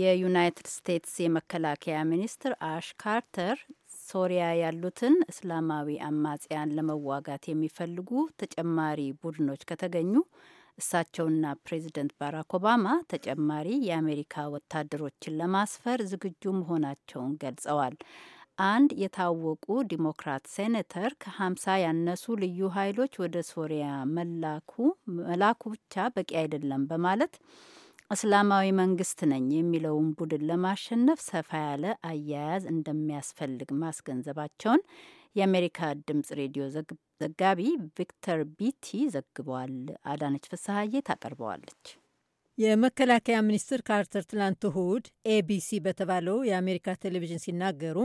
የዩናይትድ ስቴትስ የመከላከያ ሚኒስትር አሽ ካርተር ሶሪያ ያሉትን እስላማዊ አማጽያን ለመዋጋት የሚፈልጉ ተጨማሪ ቡድኖች ከተገኙ እሳቸውና ፕሬዚደንት ባራክ ኦባማ ተጨማሪ የአሜሪካ ወታደሮችን ለማስፈር ዝግጁ መሆናቸውን ገልጸዋል። አንድ የታወቁ ዲሞክራት ሴኔተር ከሀምሳ ያነሱ ልዩ ኃይሎች ወደ ሶሪያ መላኩ መላኩ ብቻ በቂ አይደለም በማለት እስላማዊ መንግስት ነኝ የሚለውን ቡድን ለማሸነፍ ሰፋ ያለ አያያዝ እንደሚያስፈልግ ማስገንዘባቸውን የአሜሪካ ድምጽ ሬዲዮ ዘጋቢ ቪክተር ቢቲ ዘግበዋል አዳነች ፍስሀዬ ታቀርበዋለች። የመከላከያ ሚኒስትር ካርተር ትላንት እሁድ ኤቢሲ በተባለው የአሜሪካ ቴሌቪዥን ሲናገሩ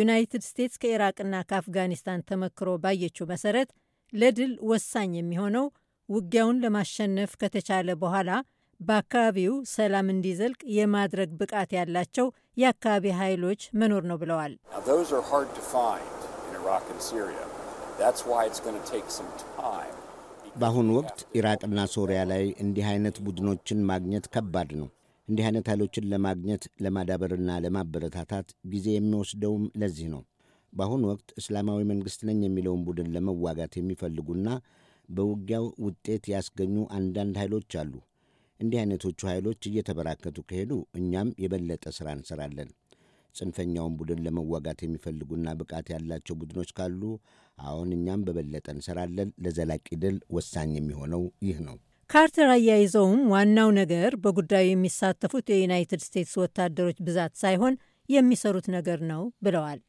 ዩናይትድ ስቴትስ ከኢራቅና ከአፍጋኒስታን ተመክሮ ባየችው መሰረት ለድል ወሳኝ የሚሆነው ውጊያውን ለማሸነፍ ከተቻለ በኋላ በአካባቢው ሰላም እንዲዘልቅ የማድረግ ብቃት ያላቸው የአካባቢ ኃይሎች መኖር ነው ብለዋል። በአሁኑ ወቅት ኢራቅና ሶሪያ ላይ እንዲህ አይነት ቡድኖችን ማግኘት ከባድ ነው። እንዲህ አይነት ኃይሎችን ለማግኘት ለማዳበርና ለማበረታታት ጊዜ የሚወስደውም ለዚህ ነው። በአሁኑ ወቅት እስላማዊ መንግሥት ነኝ የሚለውን ቡድን ለመዋጋት የሚፈልጉና በውጊያው ውጤት ያስገኙ አንዳንድ ኃይሎች አሉ። እንዲህ አይነቶቹ ኃይሎች እየተበራከቱ ከሄዱ እኛም የበለጠ ሥራ እንሰራለን። ጽንፈኛውን ቡድን ለመዋጋት የሚፈልጉና ብቃት ያላቸው ቡድኖች ካሉ አሁን እኛም በበለጠ እንሰራለን። ለዘላቂ ድል ወሳኝ የሚሆነው ይህ ነው። ካርተር አያይዘውም ዋናው ነገር በጉዳዩ የሚሳተፉት የዩናይትድ ስቴትስ ወታደሮች ብዛት ሳይሆን የሚሰሩት ነገር ነው ብለዋል።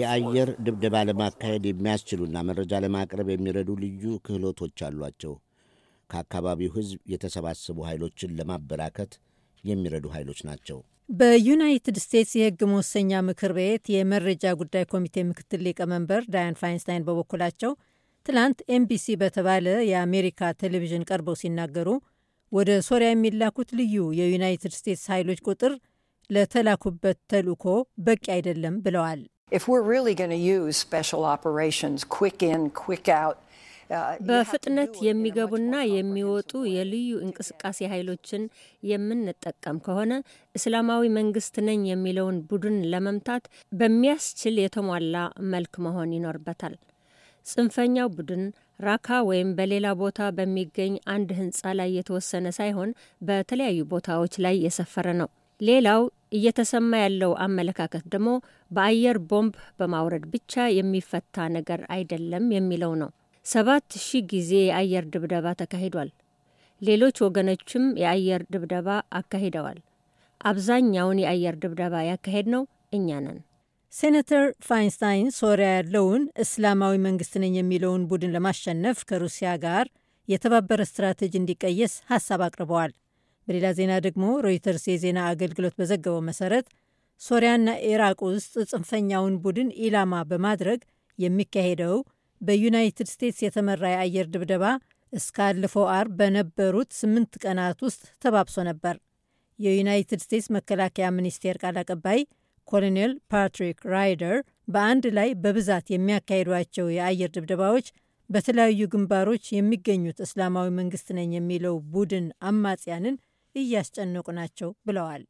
የአየር ድብደባ ለማካሄድ የሚያስችሉና መረጃ ለማቅረብ የሚረዱ ልዩ ክህሎቶች አሏቸው። ከአካባቢው ሕዝብ የተሰባሰቡ ኃይሎችን ለማበራከት የሚረዱ ኃይሎች ናቸው። በዩናይትድ ስቴትስ የሕግ መወሰኛ ምክር ቤት የመረጃ ጉዳይ ኮሚቴ ምክትል ሊቀመንበር ዳያን ፋይንስታይን በበኩላቸው ትላንት ኤምቢሲ በተባለ የአሜሪካ ቴሌቪዥን ቀርበው ሲናገሩ ወደ ሶሪያ የሚላኩት ልዩ የዩናይትድ ስቴትስ ኃይሎች ቁጥር ለተላኩበት ተልእኮ በቂ አይደለም ብለዋል። uh, በፍጥነት የሚገቡና የሚወጡ የልዩ እንቅስቃሴ ኃይሎችን የምንጠቀም ከሆነ እስላማዊ መንግስት ነኝ የሚለውን ቡድን ለመምታት በሚያስችል የተሟላ መልክ መሆን ይኖርበታል። ጽንፈኛው ቡድን ራካ ወይም በሌላ ቦታ በሚገኝ አንድ ህንፃ ላይ የተወሰነ ሳይሆን በተለያዩ ቦታዎች ላይ የሰፈረ ነው። ሌላው እየተሰማ ያለው አመለካከት ደግሞ በአየር ቦምብ በማውረድ ብቻ የሚፈታ ነገር አይደለም የሚለው ነው። ሰባት ሺህ ጊዜ የአየር ድብደባ ተካሂዷል። ሌሎች ወገኖችም የአየር ድብደባ አካሂደዋል። አብዛኛውን የአየር ድብደባ ያካሄድ ነው እኛ ነን። ሴኔተር ፋይንስታይን ሶሪያ ያለውን እስላማዊ መንግስት ነኝ የሚለውን ቡድን ለማሸነፍ ከሩሲያ ጋር የተባበረ ስትራቴጂ እንዲቀየስ ሀሳብ አቅርበዋል። በሌላ ዜና ደግሞ ሮይተርስ የዜና አገልግሎት በዘገበው መሰረት ሶሪያና ኢራቅ ውስጥ ጽንፈኛውን ቡድን ኢላማ በማድረግ የሚካሄደው በዩናይትድ ስቴትስ የተመራ የአየር ድብደባ እስካለፈው አርብ በነበሩት ስምንት ቀናት ውስጥ ተባብሶ ነበር። የዩናይትድ ስቴትስ መከላከያ ሚኒስቴር ቃል አቀባይ ኮሎኔል ፓትሪክ ራይደር በአንድ ላይ በብዛት የሚያካሂዷቸው የአየር ድብደባዎች በተለያዩ ግንባሮች የሚገኙት እስላማዊ መንግስት ነኝ የሚለው ቡድን አማጽያንን እያስጨነቁ ናቸው ብለዋል።